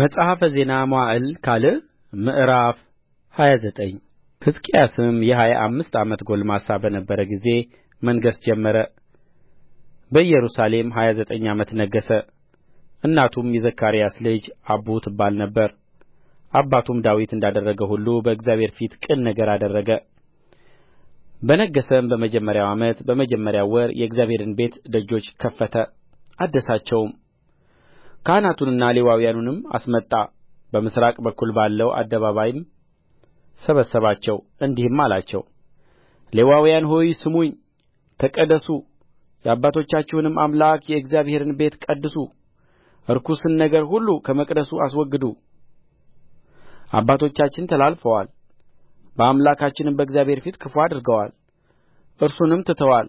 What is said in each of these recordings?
መጽሐፈ ዜና መዋዕል ካልዕ ምዕራፍ ሃያ ዘጠኝ ሕዝቅያስም የሀያ አምስት ዓመት ጕልማሳ በነበረ ጊዜ መንገሥ ጀመረ በኢየሩሳሌም ሀያ ዘጠኝ ዓመት ነገሠ እናቱም የዘካርያስ ልጅ አቡ ትባል ነበር። አባቱም ዳዊት እንዳደረገ ሁሉ በእግዚአብሔር ፊት ቅን ነገር አደረገ። በነገሠም በመጀመሪያው ዓመት በመጀመሪያው ወር የእግዚአብሔርን ቤት ደጆች ከፈተ አደሳቸውም። ካህናቱንና ሌዋውያኑንም አስመጣ በምሥራቅ በኩል ባለው አደባባይም ሰበሰባቸው እንዲህም አላቸው ሌዋውያን ሆይ ስሙኝ ተቀደሱ የአባቶቻችሁንም አምላክ የእግዚአብሔርን ቤት ቀድሱ ርኩስን ነገር ሁሉ ከመቅደሱ አስወግዱ አባቶቻችን ተላልፈዋል በአምላካችንም በእግዚአብሔር ፊት ክፉ አድርገዋል እርሱንም ትተዋል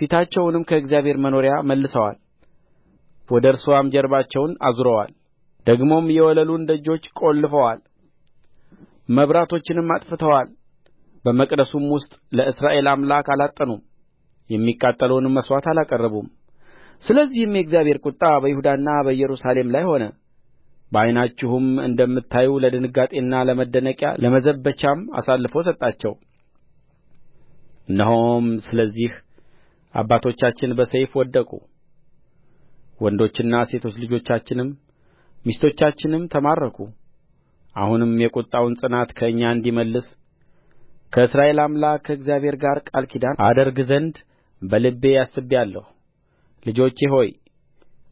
ፊታቸውንም ከእግዚአብሔር መኖሪያ መልሰዋል ወደ እርስዋም ጀርባቸውን አዙረዋል ደግሞም የወለሉን ደጆች ቈልፈዋል መብራቶችንም አጥፍተዋል በመቅደሱም ውስጥ ለእስራኤል አምላክ አላጠኑም የሚቃጠለውንም መሥዋዕት አላቀረቡም ስለዚህም የእግዚአብሔር ቍጣ በይሁዳና በኢየሩሳሌም ላይ ሆነ በዓይናችሁም እንደምታዩ ለድንጋጤና ለመደነቂያ ለመዘበቻም አሳልፎ ሰጣቸው እነሆም ስለዚህ አባቶቻችን በሰይፍ ወደቁ ወንዶችና ሴቶች ልጆቻችንም ሚስቶቻችንም ተማረኩ አሁንም የቍጣውን ጽናት ከእኛ እንዲመልስ ከእስራኤል አምላክ ከእግዚአብሔር ጋር ቃል ኪዳን አደርግ ዘንድ በልቤ አስቤአለሁ ልጆቼ ሆይ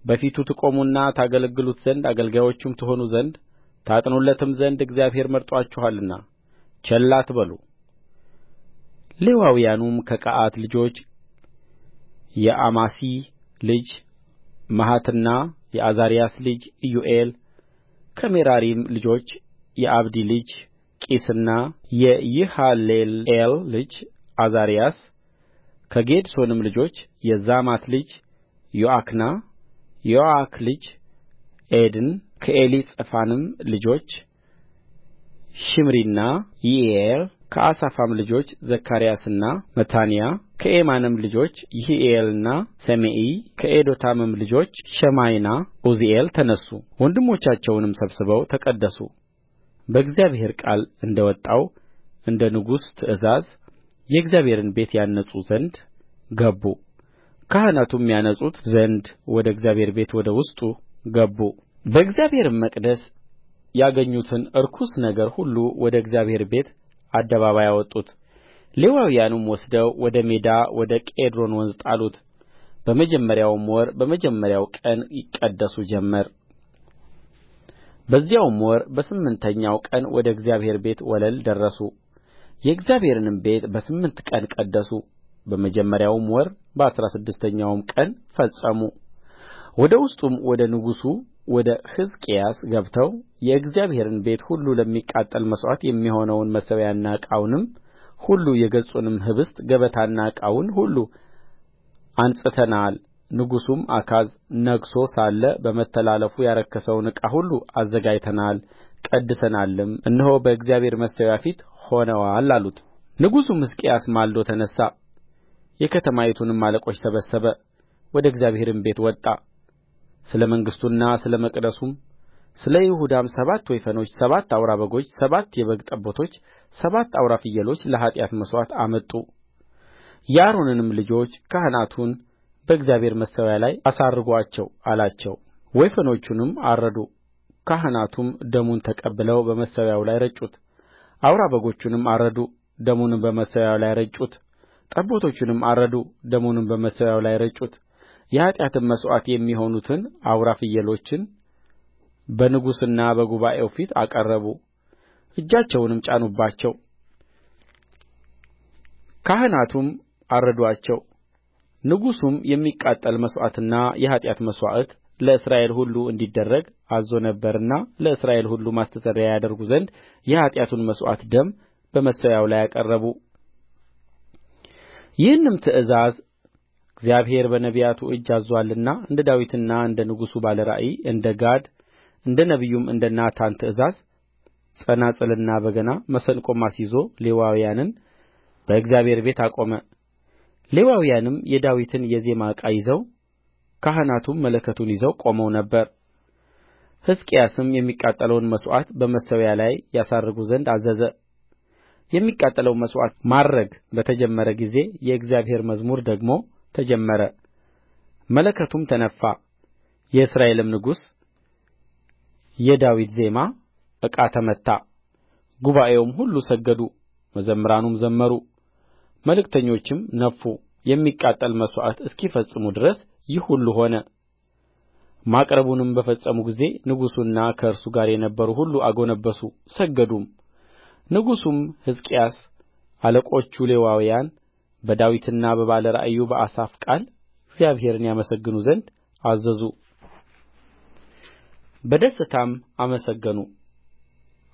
በፊቱ ትቆሙና ታገለግሉት ዘንድ አገልጋዮቹም ትሆኑ ዘንድ ታጥኑለትም ዘንድ እግዚአብሔር መርጦአችኋልና ቸል አትበሉ ሌዋውያኑም ከቀዓት ልጆች የአማሲ ልጅ መሐትና የዓዛርያስ ልጅ ኢዮኤል ከሜራሪም ልጆች የአብዲ ልጅ ቂስና የይሃሌልኤል ልጅ ዓዛርያስ ከጌድሶንም ልጆች የዛማት ልጅ ዮአክና የዮአክ ልጅ ዔድን ከኤሊጸፋንም ልጆች ሽምሪና ይዒኤል ከአሳፍም ልጆች ዘካርያስና መታንያ ከኤማንም ልጆች ይሒኤልና ሰሜኢ ከኤዶታምም ልጆች ሸማይና ዑዝኤል ተነሡ ወንድሞቻቸውንም ሰብስበው ተቀደሱ በእግዚአብሔር ቃል እንደ ወጣው እንደ ንጉሡ ትእዛዝ የእግዚአብሔርን ቤት ያነጹ ዘንድ ገቡ ካህናቱም ያነጹት ዘንድ ወደ እግዚአብሔር ቤት ወደ ውስጡ ገቡ በእግዚአብሔርም መቅደስ ያገኙትን ርኩስ ነገር ሁሉ ወደ እግዚአብሔር ቤት አደባባይ አወጡት ሌዋውያኑም ወስደው ወደ ሜዳ ወደ ቄድሮን ወንዝ ጣሉት በመጀመሪያውም ወር በመጀመሪያው ቀን ይቀደሱ ጀመር በዚያውም ወር በስምንተኛው ቀን ወደ እግዚአብሔር ቤት ወለል ደረሱ የእግዚአብሔርንም ቤት በስምንት ቀን ቀደሱ በመጀመሪያውም ወር በአሥራ ስድስተኛው ቀን ፈጸሙ ወደ ውስጡም ወደ ንጉሡ ወደ ሕዝቅያስ ገብተው የእግዚአብሔርን ቤት ሁሉ ለሚቃጠል መሥዋዕት የሚሆነውን መሠዊያና ዕቃውንም ሁሉ የገጹንም ኅብስት ገበታና ዕቃውን ሁሉ አንጽተናል ንጉሡም አካዝ ነግሦ ሳለ በመተላለፉ ያረከሰውን ዕቃ ሁሉ አዘጋጅተናል ቀድሰናልም እነሆ በእግዚአብሔር መሠዊያ ፊት ሆነዋል አሉት ንጉሡም ሕዝቅያስ ማልዶ ተነሣ የከተማይቱንም አለቆች ሰበሰበ ወደ እግዚአብሔርም ቤት ወጣ ስለ መንግሥቱና ስለ መቅደሱም ስለ ይሁዳም ሰባት ወይፈኖች ሰባት አውራ በጎች ሰባት የበግ ጠቦቶች ሰባት አውራ ፍየሎች ለኃጢአት መሥዋዕት አመጡ የአሮንንም ልጆች ካህናቱን በእግዚአብሔር መሠዊያ ላይ አሳርጓቸው አላቸው ወይፈኖቹንም አረዱ ካህናቱም ደሙን ተቀብለው በመሠዊያው ላይ ረጩት አውራ በጎቹንም አረዱ ደሙንም በመሠዊያው ላይ ረጩት ጠቦቶቹንም አረዱ ደሙንም በመሠዊያው ላይ ረጩት የኃጢአትም መሥዋዕት የሚሆኑትን አውራ ፍየሎችን በንጉሡና በጉባኤው ፊት አቀረቡ እጃቸውንም ጫኑባቸው ካህናቱም አረዱአቸው ንጉሡም የሚቃጠል መሥዋዕትና የኃጢአት መሥዋዕት ለእስራኤል ሁሉ እንዲደረግ አዝዞ ነበርና ለእስራኤል ሁሉ ማስተስረያ ያደርጉ ዘንድ የኃጢአቱን መሥዋዕት ደም በመሠዊያው ላይ አቀረቡ ይህንም ትእዛዝ እግዚአብሔር በነቢያቱ እጅ አዝዞአልና እንደ ዳዊትና እንደ ንጉሡ ባለ ራእይ እንደ ጋድ እንደ ነቢዩም እንደ ናታን ትእዛዝ ጸናጽልና በገና መሰንቆም አስይዞ ሌዋውያንን በእግዚአብሔር ቤት አቆመ። ሌዋውያንም የዳዊትን የዜማ ዕቃ ይዘው ካህናቱም መለከቱን ይዘው ቆመው ነበር። ሕዝቅያስም የሚቃጠለውን መሥዋዕት በመሠዊያው ላይ ያሳርጉ ዘንድ አዘዘ። የሚቃጠለው መሥዋዕት ማድረግ በተጀመረ ጊዜ የእግዚአብሔር መዝሙር ደግሞ ተጀመረ መለከቱም ተነፋ የእስራኤልም ንጉሥ የዳዊት ዜማ ዕቃ ተመታ ጉባኤውም ሁሉ ሰገዱ መዘምራኑም ዘመሩ መለከተኞችም ነፉ የሚቃጠል መሥዋዕት እስኪፈጽሙ ድረስ ይህ ሁሉ ሆነ ማቅረቡንም በፈጸሙ ጊዜ ንጉሡና ከእርሱ ጋር የነበሩ ሁሉ አጎነበሱ ሰገዱም ንጉሡም ሕዝቅያስ አለቆቹ ሌዋውያን በዳዊትና በባለ ራእዩ በአሳፍ ቃል እግዚአብሔርን ያመሰግኑ ዘንድ አዘዙ በደስታም አመሰገኑ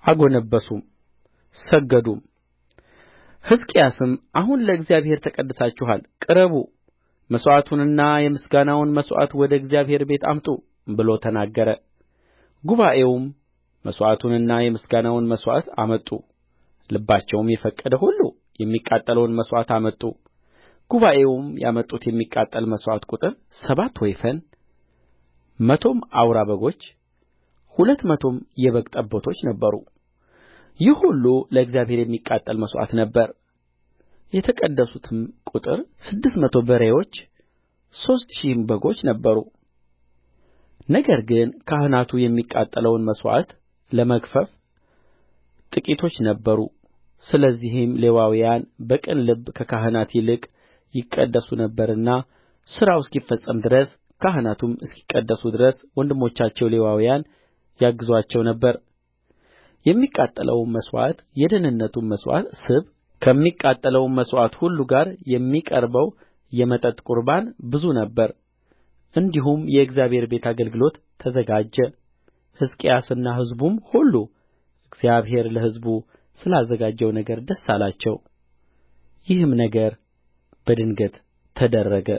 አጎነበሱም ሰገዱም ሕዝቅያስም አሁን ለእግዚአብሔር ተቀድሳችኋል ቅረቡ መሥዋዕቱንና የምስጋናውን መሥዋዕት ወደ እግዚአብሔር ቤት አምጡ ብሎ ተናገረ ጉባኤውም መሥዋዕቱንና የምስጋናውን መሥዋዕት አመጡ ልባቸውም የፈቀደ ሁሉ የሚቃጠለውን መሥዋዕት አመጡ ጉባኤውም ያመጡት የሚቃጠል መሥዋዕት ቍጥር ሰባት ወይፈን መቶም አውራ በጎች ሁለት መቶም የበግ ጠቦቶች ነበሩ ይህ ሁሉ ለእግዚአብሔር የሚቃጠል መሥዋዕት ነበረ የተቀደሱትም ቍጥር ስድስት መቶ በሬዎች ሦስት ሺህም በጎች ነበሩ ነገር ግን ካህናቱ የሚቃጠለውን መሥዋዕት ለመግፈፍ ጥቂቶች ነበሩ ስለዚህም ሌዋውያን በቅን ልብ ከካህናት ይልቅ ይቀደሱ ነበርና ሥራው እስኪፈጸም ድረስ ካህናቱም እስኪቀደሱ ድረስ ወንድሞቻቸው ሌዋውያን ያግዙአቸው ነበር የሚቃጠለውም መሥዋዕት የደኅንነቱም መሥዋዕት ስብ ከሚቃጠለውም መሥዋዕት ሁሉ ጋር የሚቀርበው የመጠጥ ቍርባን ብዙ ነበረ እንዲሁም የእግዚአብሔር ቤት አገልግሎት ተዘጋጀ ሕዝቅያስና ሕዝቡም ሁሉ እግዚአብሔር ለሕዝቡ ስላዘጋጀው ነገር ደስ አላቸው ይህም ነገር በድንገት ተደረገ